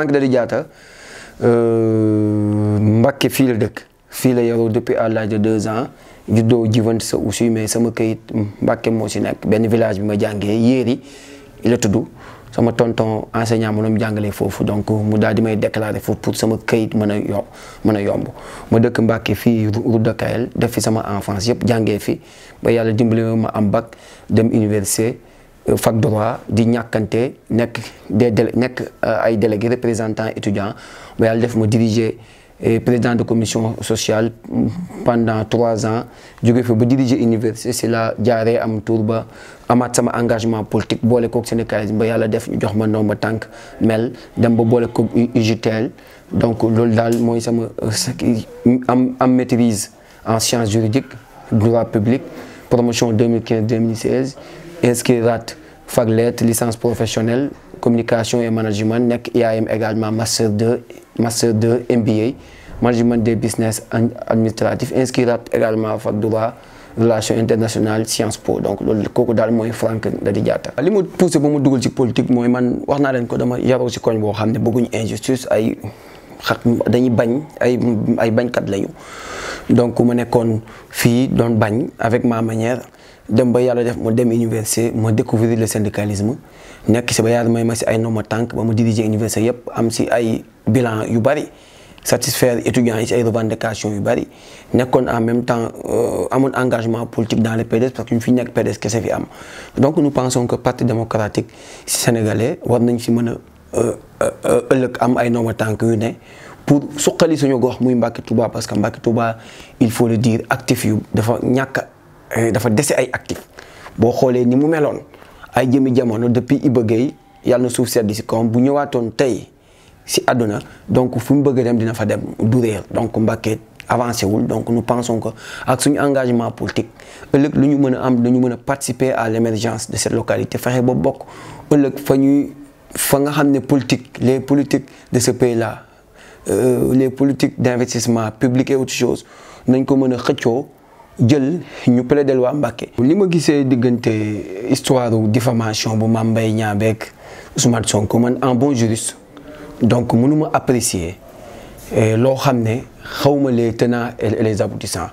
Franck Daddy Diatta euh, Mbacké fii la dëkk fii la yaroo depuis à l'âge de deux ans juddoo jivant sa aussi mais sama këyit Mbacké moo si nekk benn village bi ma jàngee Yéeri la tudd sama tonton enseignant ma jàngalee foofu donc mu daal di may déclarer foofu pour sama këyit mën a yomb mën a yomb ma dëkk Mbacké fii route de Kayel def fi sama enfance yëpp jàngee fi ba yàlla dimbali ma am bac dem université. fac droit di ñakante nek des délé nekk euh, ay délégué représentants étudiants ba yàlla def mo diriger euh, président de commission sociale pendant trois ans jóge fa ba diriger université C'est la jaaree am tour ba sama engagement politique boole kook syndicalisme ba yàlla def ñu jox ma nomba tank mel dem ba boole ko UJTL donc lool dal moy sama euh, am am maîtrise en sciences juridiques droit public promotion 2015 2016 inscriraat fac lettre, licence professionnelle communication et management nek IAM également master 2 master 2 MBA management des business administratif inscrite également fac droit relations internationales, Sciences Po donc loolu kooku daal mooy Frank da di jatta limu poussé bamu dougal ci politique moy man wax naa ko dama yaro ci koñ bo xam ne injustice ay xat dañuy bañ ay ay kat lañu donc ma nekkoon fi don bañ avec ma manière dem ba yàlla def ma dem université ma découvrir le syndicalisme nekk si ba yàlla may ma si ay nomba tànk ba ma diriger université yëpp am si ay bilan yu bëri satisfaire étudiants yi si ay revendications yu bëri nekkoon en même temps euh, amoon engagement politique dans les PDS parce que ñu fi nekk PDS kese fi am donc nous pensons que parti démocratique sénégalais war nañ si mën a euh, euh, ëllëg am ay nomba tànk yu ne pour suqali suñu gox muy Mbacké Touba parce que Mbacké Touba il faut le dire actif yu dafa ñàkk eh, dafa déssé ay actif bo xolé ni mu mélone ay jëmi jamono depuis Iba Gueye yàlla na suuf sedd si bu ñëwaatoon tay si aduna donc fu mu bëgg dem dina fa dem du réer donc Mbacké avancé wul donc nous pensons que ak suñu engagement politique ëllëg luñu mëna a am dañu mëna participer à l'émergence de cette localité fexe bo bok ëllëg fa ñuy fa nga xamné politique les politiques de ce pays là euh, les politiques d'investissement public et autre chose nañ ko mëna xëccoo jël ñu plaider waa Mbacké. li ma histoire diffamation bu Mambay Ousmane en bon juriste donc mënuma apprécier et eh, xawma les tenants et les aboutissants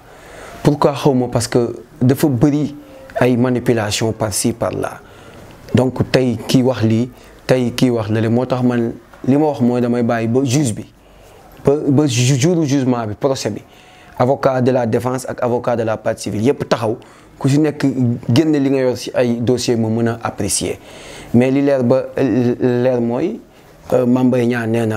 pourquoi parce que dafa bëri ay manipulation par ci par là donc tay ki wax wax man wax damay juge bi ba jugement procès avocat de la défense ak avocat de la partie civile yëpp taxaw ku si nekk génn li nga yor si ay dossier mu mën apprécier mais li leer ba leer mooy euh, Mame Mbaye Niang nee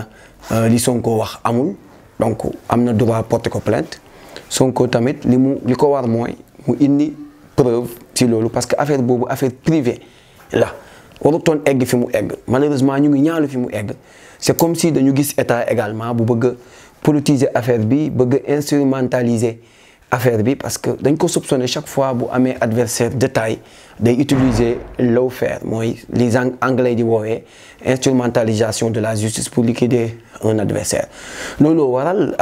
euh, li Sonko wax amul donc am na droit porter ko plainte Sonko tamit li mu li ko war mooy mu indi preuve si loolu parce que affaire boobu affaire privée la warutoon egg fi mu egg malheureusement ñu ngi ñaalu fi mu egg c'est comme si dañu gis état également bu bëgg pour utiliser affaire bi bëgg instrumentaliser affaire bi parce que dañ ko soupçonner chaque fois bu amé adversaire de taille day utiliser les anglais di instrumentalisation de la justice pour liquider un adversaire nous waral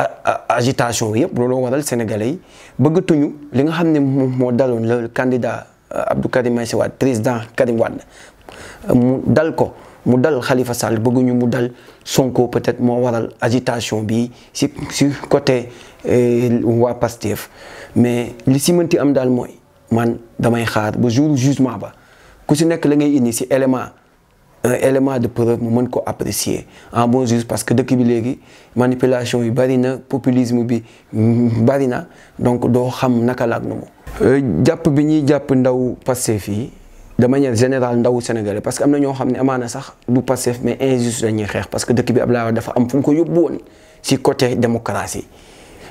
agitation yépp yëpp waral sénégalais yi bëggatuñu li nga xamné que le candidat euh, Abdou Karim le Wade président Karim Wade mu dal ko mu dal Khalifa Sall bëgguñu mu dal Sonko peut-être mo waral agitation bi ci ci côté euh, wa Pastef mais li si mënti am dal moy man damay xaar ba jour jugement ba ku ci nek la ngay indi ci élément un élément de preuve mu mën ko apprécier en bon juge parce que dëkk bi légui manipulation yu bari na populisme bi bari na donc do xam naka la ak nu euh japp bi ñi japp ndaw Pastef yi de manière générale ndawu sénégalais parce que am na ñoo xam ne amaana sax du Pastef mais injuste dañuy xeex parce que dëkk bi Abdoulaye dafa am fu mu ko yóbbu woon ci côté démocratie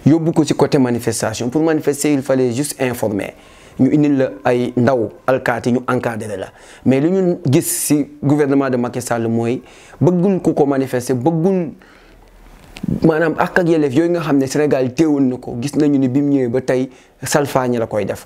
yóbbu ko ci côté manifestation pour manifester il fallait juste informer ñu indil la ay ndaw alkaati ñu encadré la mais lu ñu gis si gouvernement de Macky Sall mooy bëggul ku ko manifester bëggul maanaam ak ak yelleef yooyu nga xam ne Sénégal téewoon na ko gis nañu ni bi mu ñëwee ba tey salfaañi la koy def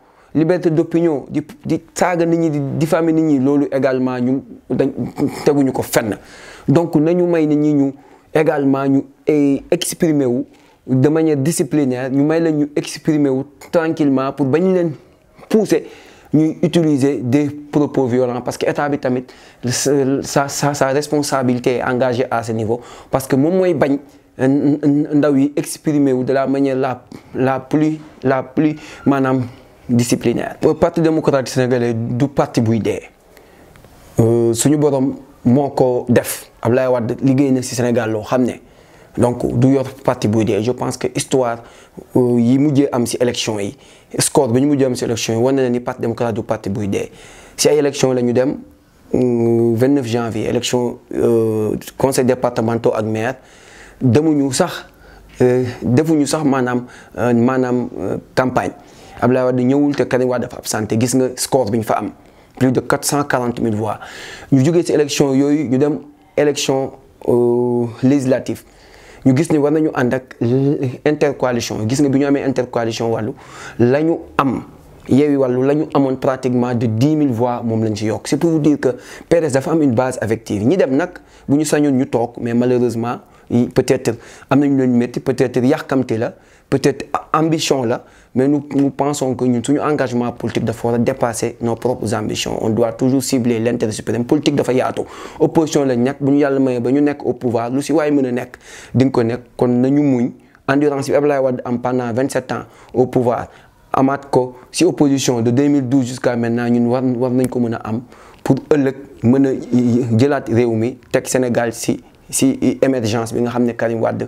liberté d'opinion de di saaga nit diffamer également ñu donc nous devons également e, exprimer de manière disciplinaire nous devons exprimer tranquillement pour nous pousser à utiliser des propos violents parce que l'État bi sa responsabilité est engagée à ce niveau parce que nous devons ben ndaw exprimer de la manière la plus la plus disciplinaire. Euh, parti démocratique sénégalais du parti buy dee euh, suñu borom moo ko def Ablaye Wade liggéey na ci Sénégal loo xam ne donc du yor parti buy dee je pense que histoire euh, yi mujjee am ci élection yi score bi ñu mujjee am ci élection yi wane na ni parti démocratique du parti buy dee si ay élection la ñu dem 29 janvier élection conseil départementaux ak maire demuñu sax defuñu sax maanaam maanaam campagne. Abdoulaye Wade ñëwul te Karim Wade dafa absenté gis nga score biñ fa am plus de 440 000 voix ñu joggé ci élection yoyu ñu dem élection euh, législative ñu gis ni war nañu and ak intercoalition gis nga biñu amé intercoalition walu lañu am yeewi walu lañu ñu pratiquement de 10 000 voix mom lañ ci yok c'est pour vous dire que PDS dafa am une base affective ñi dem nak, buñu ñu ñu tok mais malheureusement peut-être am nañu leen peut-être yàkkamte la peut-être ambition la mais nous, nous pensons que nous, notre engagement politique doit dépasser nos propres ambitions. On doit toujours cibler l'intérêt suprême. Politique doit faire opposition la nek bu ñu yalla maye ba ñu nek au pouvoir lu ci way mëna nek ding ko nek kon nañu muñ endurance bi Abdoulaye a am pendant 27 ans au pouvoir amaat ko ci opposition de 2012 jusqu'à maintenant ñun war war nañ ko mëna am pour ëlëk mëna jëlaat réew mi Sénégal ci ci émergence bi nga xamné Karim Wade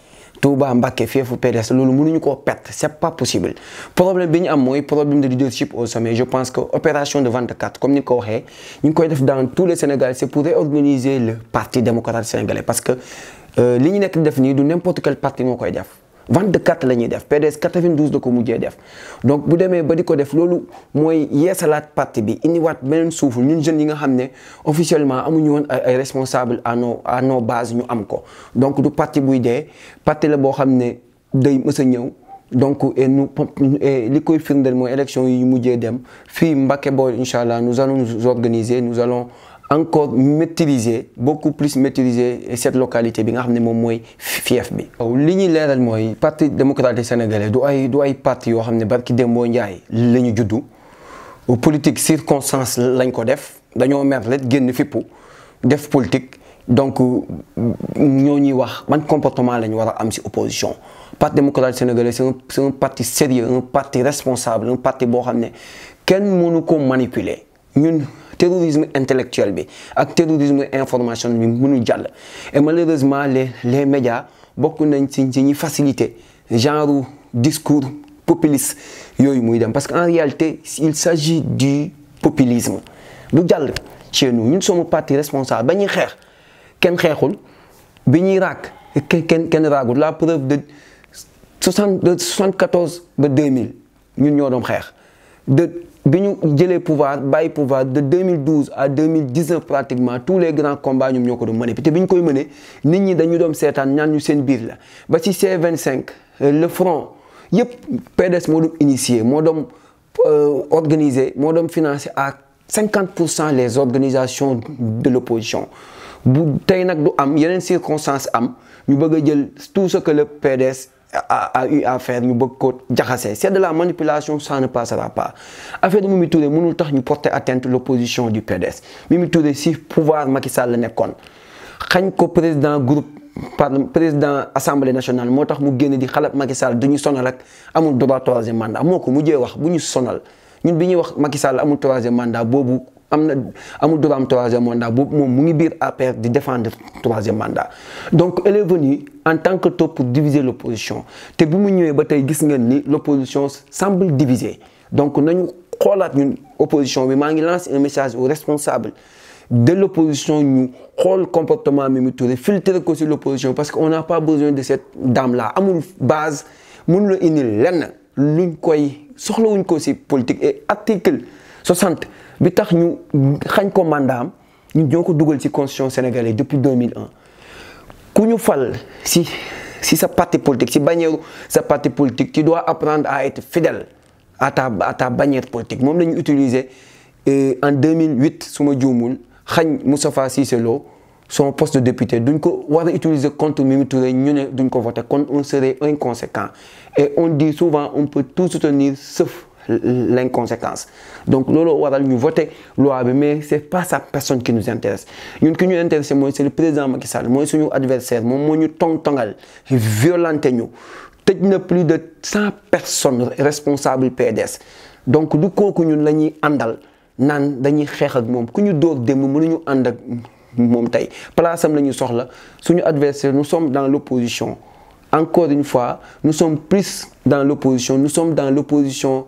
Touba Mbacké feefu PDS loolu mënuñu koo perte c' est pas possible problème bi ñu am mooy problème de leadership au sommet je pense que opération de vente carte comme ni ko waxee ñu koy def dans tout le Sénégal c' pour réorganiser le parti démocrate sénégalais parce que euh, li ñu nekk def nii du n'importe quel parti moo koy def. 24 lañuy def PDS 92 la ko mujjee def donc bu démé ba diko def lolu moy yéssalat parti bi wat beneen suufu ñun jeune yi nga xamné officiellement amuñu won ay responsable à nos à nos bases ñu am ko donc du parti buy dee parti la bo xamné ne mësa ñëw donc et nous et li koy firndeel moy élection yi ñu mujjee dem fi Mbacké Boy inshallah nous allons nous organiser nous allons encore maîtriser beaucoup plus maîtriser cette localité bi nga xam ne moom fief bi. waaw li ñuy leeral parti démocratique sénégalais du ay du ay parti yoo xam ne barki Dembo Ndiaye la ñu juddu politique circonstance lañ ko def dañoo mer ne génn fippu def politique donc ñoo ñuy wax Mon comportement la ñu war am opposition. parti démocratique sénégalais c'est un parti sérieux un parti responsable un parti bon xam Quel kenn ko manipuler terrorisme intellectuel bi ak terrorisme information bi mënu jàll et malheureusement les les bokku nañ si ci ñi facilité genre discours populiste yooyu muy dem parce que en réalité il s'agit du populisme du jàll chez nous ñun sommes parti responsable ba ñuy xeex kenn xeexul bi ñuy raak kenn kenn raagul la preuve de soixante de soixante quatorze ba deux mille ñun ñoo doon xeex. de pouvoir pouvoir de 2012 à 2019 pratiquement tous les grands combats nous ñoo ko doon mëne te bi ñu koy mënee nit ñi dañu doon seetaan ñaan ñu seen biir la ba ci C25 euh, le front yëpp PDS moo été initié moo été euh, organisé moo été financé à 50 les organisations de l'opposition Il y a du am yeneen circonstances am ñu bëgg tout ce que le PDS a eu à faire ñu bëgg ko c'est de la manipulation ça ne passera pas affaire Mimi Touré mënul tax ñu porter atteinte l'opposition du PDS Mimi Touré si pouvoir Macky Sall la ko président groupe par président assemblée nationale motax mu génn di xalat Macky du sonal ak amul droit troisième mandat moko wax buñu sonal ñun wax am na amul droit am troisième mandat boobu moom mu ngi di défendre troisième mandat donc elle est venue en tant que top pour diviser l'opposition té bi mu ba tay gis ni l'opposition semble divisée donc nañu xolat ñun opposition bi nous ngi lancer un message aux responsables de l'opposition ñu le comportement Mimi Touré filtrer ko l'opposition parce qu'on n'a pas besoin de cette dame là mon base nous indi lenn luñ koy wuñ ko ci politique et article 60 bi tax ñu xañ ko mandat avons ñun la constitution sénégalaise depuis 2001 ku ñu fal si si sa parti politique si bannière sa parti politique tu dois apprendre à être fidèle à ta à ta bannière politique nous avons utilisé utiliser euh, en 2008 su ma juumul Moustapha Cissé Lo son poste de député Nous ko utilisé contre nous nous ñu ne duñ on serait inconséquent et on dit souvent on peut tout soutenir sauf l'inconséquence donc nous waral ñu voté loi mais ce n'est pas sa personne qui nous intéresse ñun ki ñu intéresse, c'est le président Macky Sall C'est suñu adversaire moom moo ñu tong-tongal violenté ñu tëj plus de 100 personnes responsables PDS donc du kooku ñun la ñuy àndal nan dañuy xeex ak mom ku ñu dem démb mënuñu and ak mom tay place am la soxla suñu adversaire nous sommes dans l'opposition. encore une fois nous sommes plus dans l'opposition. nous sommes dans l'opposition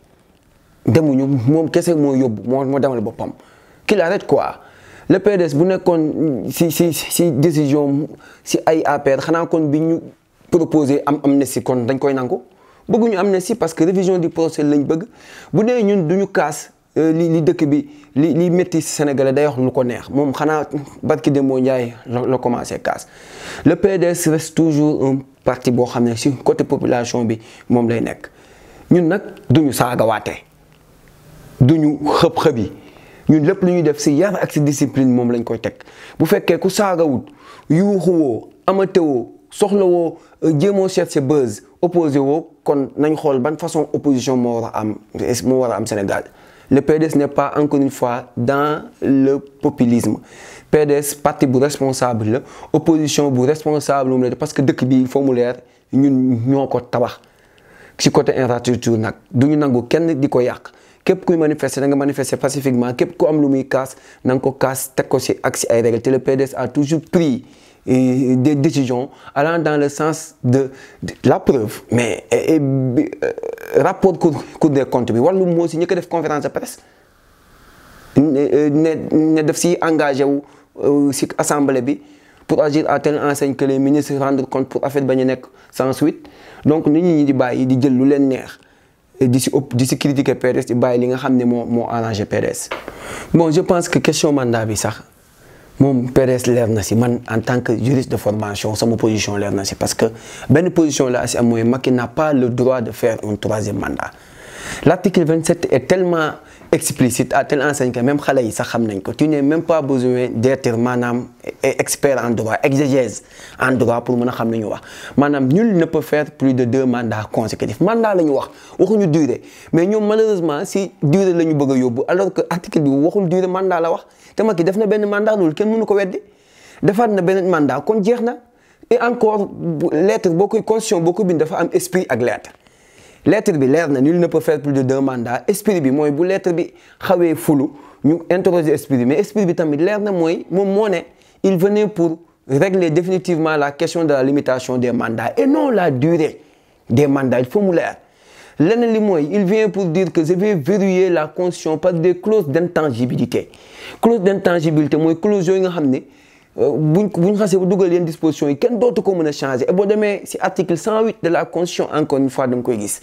demuñu moom kese moo yóbbu moo moo demal boppam qu'il arrête quoi le bu nekkoon si si si décision si ay APR xanaa kon bi ñu proposé am am amnistie kon dañ koy nangu bëgguñu amnistie parce que révision du procès lañ bëgg bu dee ñun duñu kaas euh, li li dëkk bi li li métti sénégalais day wax lu ko neex moom xanaa barki Demba Ndiaye la commencé kaas le PDS reste toujours un parti boo xam ne si côté population bi moom lay nekk ñun nag duñu saagawaatee duñu xëb xëb yi ñun lépp lu ñuy def si yar ak si discipline moom lañ koy teg bu fekkee ku saagawut yuuxuwoo amatewoo soxlawoo euh, jéemoo seet sa buzz opposé woo kon nañ xool ban façon opposition moo war a am moo war a am Sénégal le PDS n'est pas encore une fois dans le populisme PDS parti bu responsable la opposition bu responsable moom la parce que dëkk bi formulaire ñun ñoo ko tabax ci côté infrastructure nag duñu nangu kenn di ko yàq képp kuy manifester na nga manifester pacifiquement képp ku am lu muy kaas na nga ko kaas teg ko si ak si ay règles te le PDS a toujours pris eh, des décisions allant dans le sens de, la preuve mais eh, eh, euh, rapport cour des comptes bi wàllu moo si ñëkk def conférence de presse euh, ne ne def si engagé wu euh, si assemblée bi pour agir à telle enseigne que les ministres se rendent compte pour affaire ba ñu nekk sans suite donc nit ñi di bàyyi di jël lu leen neex. di si ëpp critiquer PDS di li nga xam ne moo moo arrangé PDS bon je pense que question mandat bi sax moom PDS leer na si man en tant que juriste de formation sama position leer na si parce que benn position la si am mooy Macky n'a pas le droit de faire un troisième mandat l'article 27 est tellement explicite à tel enseigne que même les tu n'as même pas besoin d'être expert en droit exégèse en droit pour que tu xam nul ne peut faire plus de deux mandats consécutifs mandat durée mais nous, malheureusement si durée la bëgg alors que article bi waxul mandat la wax te Macky def na benn mandat mënu ko Il na mandat kon et encore lettre beaucoup, il constitution esprit ak lettre bi leer na nul ne po faire plus de deux esprit bi mooy bu lettre bi xawee fulu ñu interroger esprit mais esprit bi tamit leer na mooy moom moo ne il venait pour régler definitivement la question de la limitation des mandats et non la durée des mandats il faut mu leer leneen li mooy il vient pour dire que je vais verrouiller la constitution par des clauses d'intangibilité clause d'intangibilité mooy clause yooyu nga xam ne buñ buñ xasee bu dugal yenn dispositions yi kenn dootu ko mën a changer et boo demee si article 108 de la constitution encore une fois dañ koy gis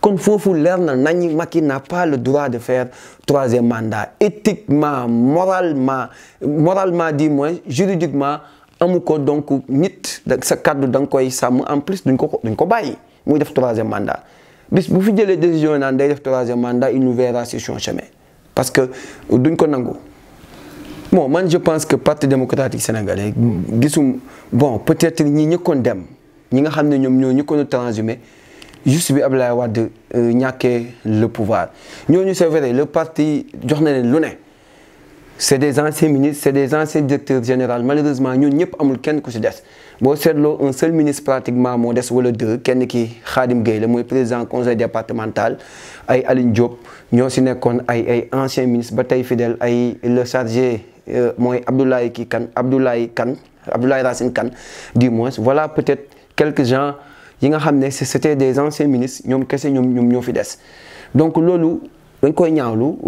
kon foofu leer na nañu Macky n'a pas le droit de faire troisième mandat éthiquement moralement moralement du moins juridiquement amu ko donc nit sa kaddu da nga koy sàmm en plus duñ ko duñ ko bàyyi muy def troisième mandat bis bu fi jëlee décision naan day def troisième mandat il nous verra sur son chemin parce que duñ ko nangu. bon man je pense que parti démocratique sénégalais bon peut-être ñi nous dem ñi nga xam ne ñoom juste bi Abdoulaye de que euh, le pouvoir Nous, c'est vrai le parti jox na c'est des anciens ministres c'est des anciens directeurs généraux malheureusement nous n'avons amul kenn ku ci des C'est un seul ministre pratiquement moo des wala deux qui ki Khadim Gueye la président conseil départemental ay Aline Diop ñoo est nekkoon ay ay anciens ministres ba fidèle ay le chargé euh, Moi Abdoulaye kii kan Abdoulaye kan Abdoulaye Racine Kane du moins voilà peut-être quelques gens yi nga xam c'était des anciens ministres qui ont fait ñoom donc lolo. dañ koy ñaawlu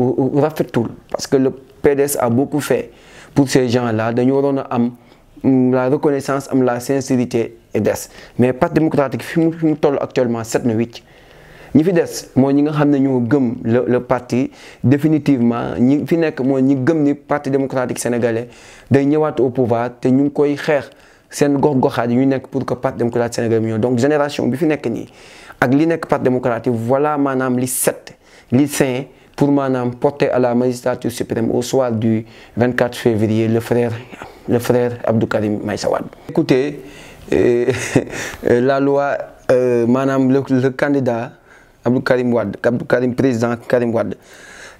tout, parce que le PDS a beaucoup fait pour ces gens-là dañu waroon mm, la reconnaissance la sincérité et mais pas démocratique fi mu actuellement 7-8 ñi fi nous sommes ñi nga le parti définitivement nous fi nek le parti démocratique sénégalais day ñëwaat au pouvoir té ñu koy xeex sen pour que parti démocratique sénégalais donc génération bi fi nek ni ak li parti démocratique voilà manam li 7 li cinq, pour manam porter à la magistrature suprême au soir du 24 février le frère le frère Abdou Karim écoutez euh, la loi euh, madame, le candidat. Abdou Karim Wade Abdou Karim président Karim Wade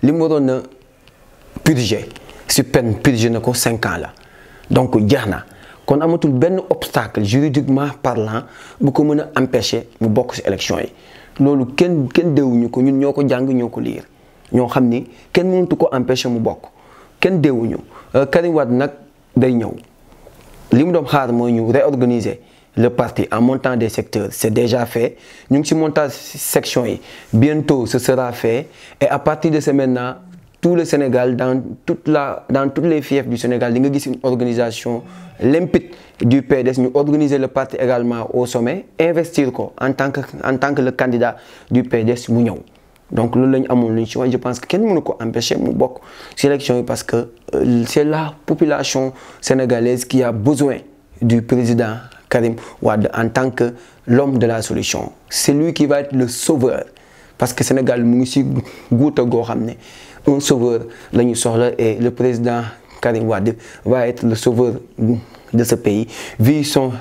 li mu waroon na purgé si peine purgé na ko cinquant la donc jeex na kon amatul benn obstacle juridiquement parlant bu ko mën a empêcher mu bokk si élection yi loolu kenn kenn déewuñu ko ñun ñoo ko jàng ñoo ko liir ñoo xam ni kenn mënatu ko empêcher mu bokk kenn déewuñu euh, Karim Wade nag day ñëw li mu doon xaar mooy ñu réorganiser. le parti en montant des secteurs, c'est déjà fait. Nous sommes montant section Bientôt, ce sera fait. Et à partir de ce moment-là, tout le Sénégal, dans, toute la, dans toutes les fiefs du Sénégal, nous avons une organisation limpide du PDS. Nous organiser le parti également au sommet, investir en, tant que, en tant que le candidat du PDS. Nous donc, je pense que quelqu'un ne peut empêcher mon sélection parce que euh, c'est la population sénégalaise qui a besoin du président Karim Ouad en tant que l'homme de la solution. C'est lui qui va être le sauveur. Parce que Sénégal, nous un sauveur, et le président Karim Ouad va être le sauveur de ce pays. Vu son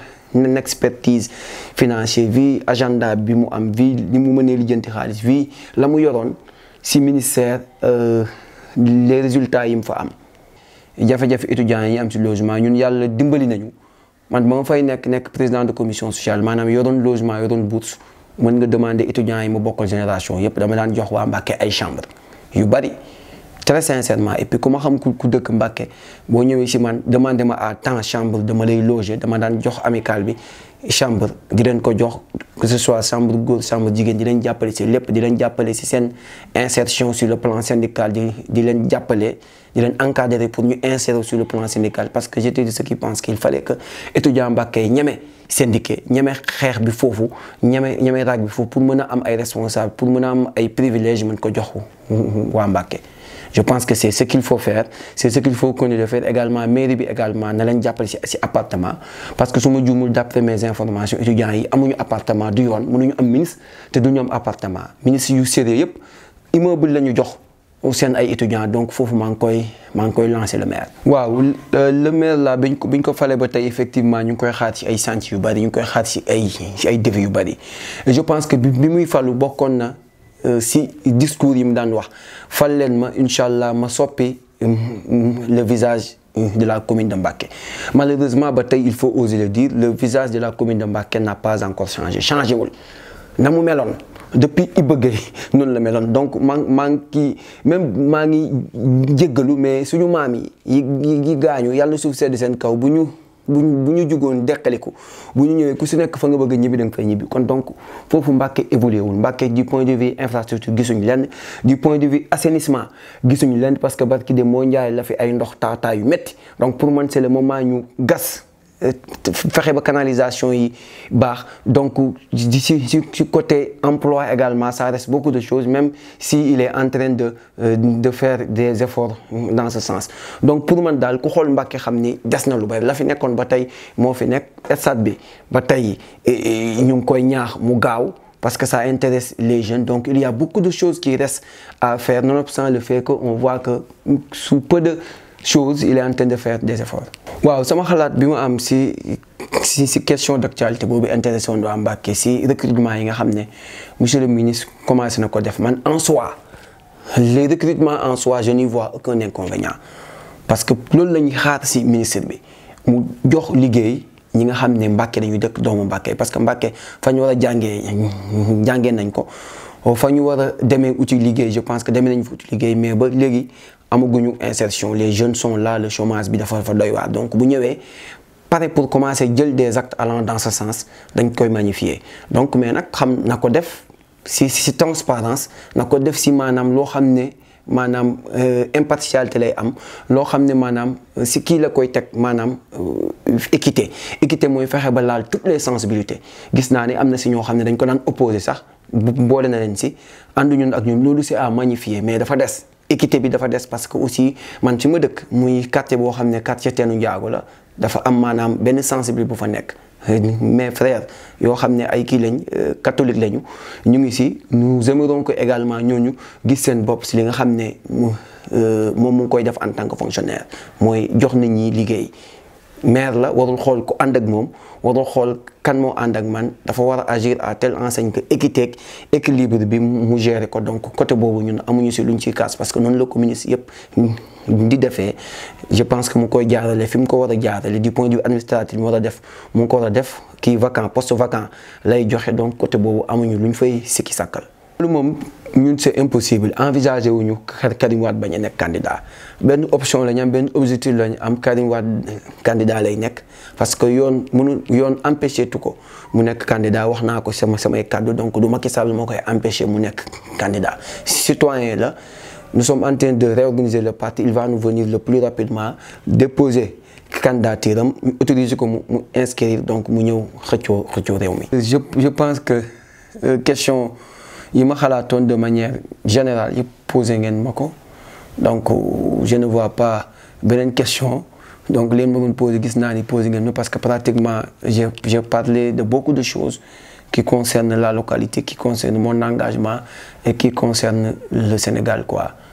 expertise financière, vu l'agenda, vu l'agenda, vu l'agenda, si ministère euh, les résultats Il y a am jafe-jafe étudiants yi am ci logement ñun yàlla dimbali nañu man ba ma fay nekk nekk président de commission sociale maanaam yoroon logement yoroon bourse mën nga demander étudiants yi mu bokko génération yëpp dama daan jox waa Mbàkke ay chambre yu bari très sincèrement et puis ku ma xam ku ku dëkk Mbàkke boo ñëwee si man demandé ma à temps chambre dama lay loger dama daan jox amical bi chambre di leen ko jox que ce soit chambre góor chambre jigéen di leen jàppale appelé, lépp di leen jàppale si seen insertion sur le plan syndical di di appelé, jàppale di leen encadrer pour ñu insérer sur le plan syndical parce que j'étais de ceux qui pensent qu'il fallait que étudiant Mbàkke yi ñeme syndiqué ñeme xeex bi foofu ñeme ñeme raag bi foofu pour mën a am ay responsable pour mën a am ay privilèges mën ko jox waa Mbàkke je pense que c'est ce qu'il faut faire c'est ce qu'il faut qu'on de faire également mairie bi également na pas appeler ces appartements, parce que su ma juumul d'après mes informations étudiants a un appartement du yoon mënuñu am ministre te duñu am appartement ministre yu sérieux yëpp immeuble la ñu jox seen ay étudiants donc il faut que koy lance koy le maire. waaw euh, le maire la bi ñu ko bi ko ba effectivement ñu koy xaar ay chantier yu bëri ñu koy ay ay yu je pense que bi muy falu bokkoon Euh, si discours yi mu daan wax fal leen ma incha allah ma soppi euh, le visage euh, de la commune de Mbacké malheureusement ba tey il faut oser le dire le visage de la commune de Mbacké n'a pas encore changé changé wul na mu meloon depuis Iba Gueye noonu la meloon donc maa maa ngi même maa ngi jéggalu mais suñu maam yi yi gaañu yàlla suuf sedd seen kaw bu ñu buñ bu ñu jugoon deqaliku bu ñu ñëwee ku si nekk fa nga bëgg a ñibbi da nga fay ñibbi kon donc foofu Mbàkke évolué wul Mbàkke du point de vie infrastructure gisuñu lenn du point de vue assainissement gisuñu lenn parce que barki de moo njaay la fi ay ndox taataa yu donc pour man c'est le moment ñu gas Euh, faire ba canalisation donc du côté emploi également ça reste beaucoup de choses même s'il est en train de euh, de faire des efforts dans ce sens donc pour man dal ku xool Mbàkke xamni ni lu bari la fi nekkoon ba tey moo fi nekk ça bi ba tey eh, eh, ñu ce koy ñaax mu gaaw parce que ça intéresse les jeunes. Donc il y a beaucoup de choses qui restent à faire, nonobstant le fait qu'on voit que sous peu de choses il est en train de faire des efforts waaw sama xalaat bi ma am si si si question d'actualité actualité boobu intéressé woon waa Mbacké si recrutement yi nga xam ne monsieur le ministre commencé na ko def man en soi les recrutements en soi je n'y vois aucun inconvénient parce que loolu la ñuy xaar si ministre bi mu jox liggéey ñi nga xam ne Mbacké dañuy dëkk doomu Mbacké parce que Mbacké fa ñu war a jàngee jàngee nañ ko fa ñu war a demee uti liggéey je pense que demee nañ fa uti liggéey mais ba léegi amaguñu insertion les jeunes sont là le chômage bi dafa fa doy waar donc bu ñëwé paré pour commencer jël des actes allant dans ce sens dañ koy magnifier donc mais nak xam nako def si si transparence nako def si manam lo xamné manam euh, impartialité lay am lo xamné manam maanaam euh, si kii la koy tek manam euh, équité équité moy fexé ba laal toutes les sensibilités gis na ne amna na si ñoo xam dañ ko daan opposé sax boole na leen si ñun ak ñun loolu c'est à magnifier mais dafa dess équité bi dafa des parce que aussi man ci ma dëkk muy quartier boo xam ne quartier teenu njaago la dafa am maanaam benn sensibilité bu fa nekk mes frères yoo xam ne ay kii lañ euh, catholique lañu ñu ngi si nous aimerons que également ñooñu gis seen bopp si li nga xam ne euh, moom mu ngi koy def en tant que fonctionnaire mooy jox nit ñi liggéey maire la warul xool ku ànd ak moom warul xool kan moo ànd ak man dafa war a agir à telle enseigne que équité équilibre bi mu gérer ko donc côté boobu ñun amuñu si luñ ciy kaas parce que noonu la ko communiste yëpp di defee je pense que mu koy jaarale fi mu ko war a jaarale di point de administratif mu war a def mu ko war a def kii vacant post vacant lay joxe donc côté boobu amuñu luñ fay sikki sàkkal lu moom c'est impossible envisager wuñu Karim Wade bañ de candidat Ben option la ben am objectif la ñu am Karim Wade candidat lay nek parce que yoon mënul yoon empêcher tu ko mu nek candidat wax naa ko sama samay cadeau, donc du Macky Sall moo empêcher empêché mu nek candidat citoyen la nous sommes en train de réorganiser le parti il va nous venir le plus rapidement déposer candidature utiliser autoriser ko mu inscrire donc mu ñeu xëccoo je je pense que euh, question je ma xalaatoon de manière générale Il donc euh, je ne vois pas de question donc les ma doon posé parce que pratiquement j'ai parlé de beaucoup de choses qui concernent la localité qui concernent mon engagement et qui concernent le Sénégal quoi